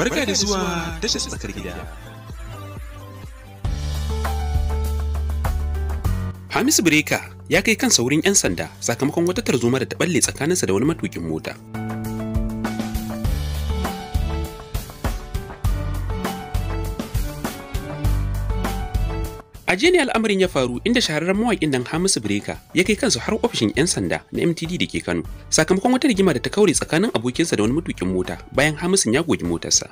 Barka da zuwa tashar tsakar gida. Hamisu Bireka ya kai kansa wurin 'yan sanda sakamakon wata tarzoma da ta balle tsakaninsa da wani matukin mota. A jiya ne al'amarin ya faru inda shahararren mawaƙin nan Hamisu Breka ya kai kansu har ofishin 'yan sanda na MTD da ke Kano sakamakon wata rigima da ta kaure tsakanin abokinsa da wani matukin mota bayan Hamisu ya goge motarsa.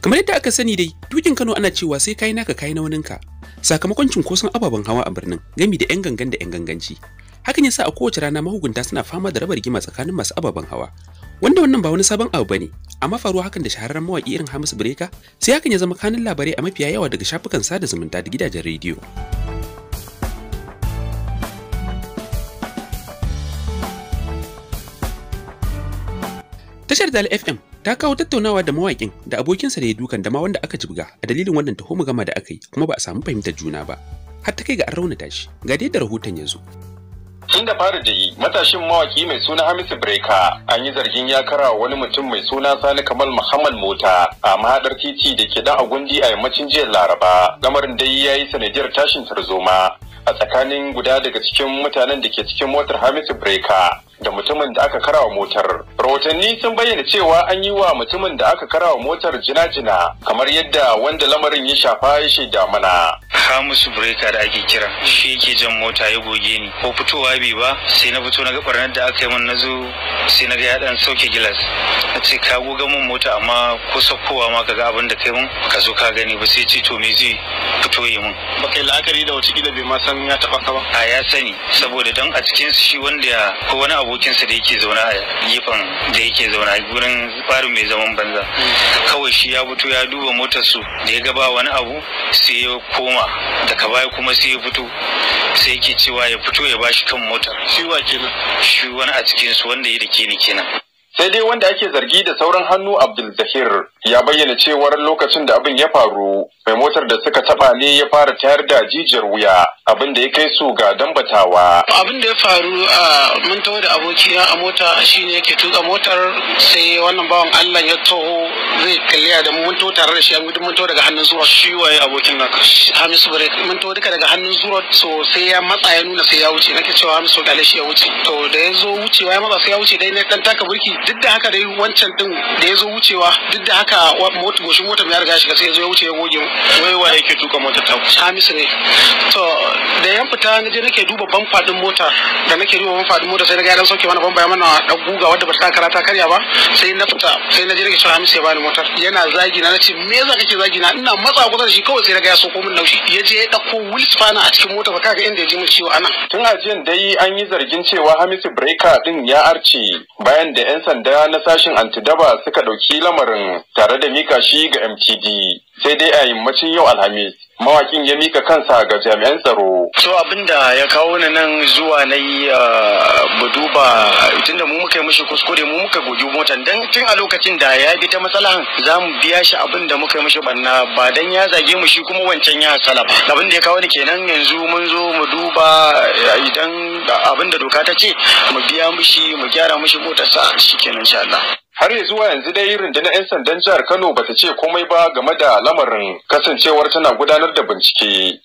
Kamar yadda aka sani dai, dukin Kano ana cewa sai kai naka kai na waninka. Sakamakon cunkoson ababen hawa a birnin, gami da 'yan gangan da 'yan ganganci. Hakan ya sa a kowace rana mahugunta suna fama da raba rigima tsakanin masu ababen hawa, wanda wannan ba wani sabon abu bane amma faruwa hakan da shahararren mawaki irin Hamisu Breka sai hakan ya zama kanin labarai a mafiya yawa daga shafukan sada zumunta da gidajen rediyo Tashar Dal FM ta kawo tattaunawa da mawakin da abokinsa da ya dukan da wanda aka jibga a dalilin wannan taho gama da aka yi kuma ba a samu fahimtar juna ba har ta kai ga an raunata shi ga da rahoton ya zo. tun da fara da yi matashin mawaki mai suna hamisu breka an yi zargin ya kara wani mutum mai suna sani kamal muhammad mota a mahaɗar titi da ke a gundi a yammacin jiyar laraba lamarin dai ya yi sanadiyar tashin tarzoma a tsakanin guda daga cikin mutanen da ke cikin motar hamisu breka da mutumin da aka karawa motar. Rahotanni sun bayyana cewa an yi wa mutumin da aka karawa motar jina-jina kamar yadda wanda lamarin ya shafa ya shaida mana. Hamisu Breka da ake kira shi yake jan mota ya goge ni ko fitowa bai ba sai na fito na ga barnar da aka yi min nazo sai na ga ya dan sauke gilas na ce ka goga min mota amma ko sakkowa ma ka ga abin da kai mun ka zo ka gani ba sai ce to me zai fito yi mun ba kai la'akari da wacce gida bai ma san ya taba ka ba a ya sani saboda dan a cikin shi wanda ko wani abu abokinsa da yake zaune a gefen da yake zaune a gurin farin mai zaman banza kawai shi ya fito ya duba motar su da ya gaba wani abu sai ya koma daga baya kuma sai ya fito sai yake cewa ya fito ya bashi kan motar shi wa kenan shi wani a cikin su wanda ya da ni kenan sai dai wanda ake zargi da sauran hannu abdul zahir ya bayyana cewar lokacin da abin ya faru mai motar da suka taba ne ya fara tayar da jijiyar wuya abin da ya kai su ga dambatawa abin da ya faru a mun taho da abokina a mota shine yake tuka motar sai wannan bawan Allah ya taho zai kalliya da mun taho tare da shi mun mun daga hannun zuwa shi waye abokin naka Hamisu bare mun taho duka daga hannun zuwa so sai ya matsa ya nuna sai ya wuce nake cewa Hamisu kalle shi ya wuce to da ya zo wucewa ya matsa sai ya wuce dai ne dan taka burki duk da haka dai wancan din da ya zo wucewa duk da haka goshin mota ya riga shiga sai ya zo ya wuce ya goge wai wa yake tuka mota ta Hamisu ne to da yan fita na je nake duba ban fadin mota da nake duba ban fadin mota sai na ga yaran sauke wani bamba mana dan guga wanda ba ta kara ta karya ba sai na fita sai na je nake cewa Hamisu ya bani motar yana zagi na nace me yasa kake zagi na ina matsa kusa da shi kawai sai na ga ya soko min laushi ya je ya dauko wheels fana a cikin mota ba kaga inda ya ji min ciwo ana tun a dai an yi zargin cewa Hamisu breaker din ya arce bayan da yan sanda na sashin antidaba suka ɗauki lamarin tare da mika shi ga mtd sai dai a yammacin yau alhamis mawakin ya mika kansa ga jami'an tsaro. so abinda ya kawo ni nan zuwa na yi ah, mu duba tunda mu muka yi mishi kuskure mu muka gogi motan dan tun a lokacin da ya bi ta matsala, za mu biya shi abin da muka yi mishi banna ba dan ya zage mu shi kuma wancan ya sala abin da ya kawo ni kenan yanzu mun zo mu duba idan abin da doka ta ce mu biya mishi mu gyara mishi motarsa kenan insha Allah har ya zuwa yanzu dai rundunar 'yan sandan jihar kano bata ce komai ba game da lamarin kasancewar tana gudanar da bincike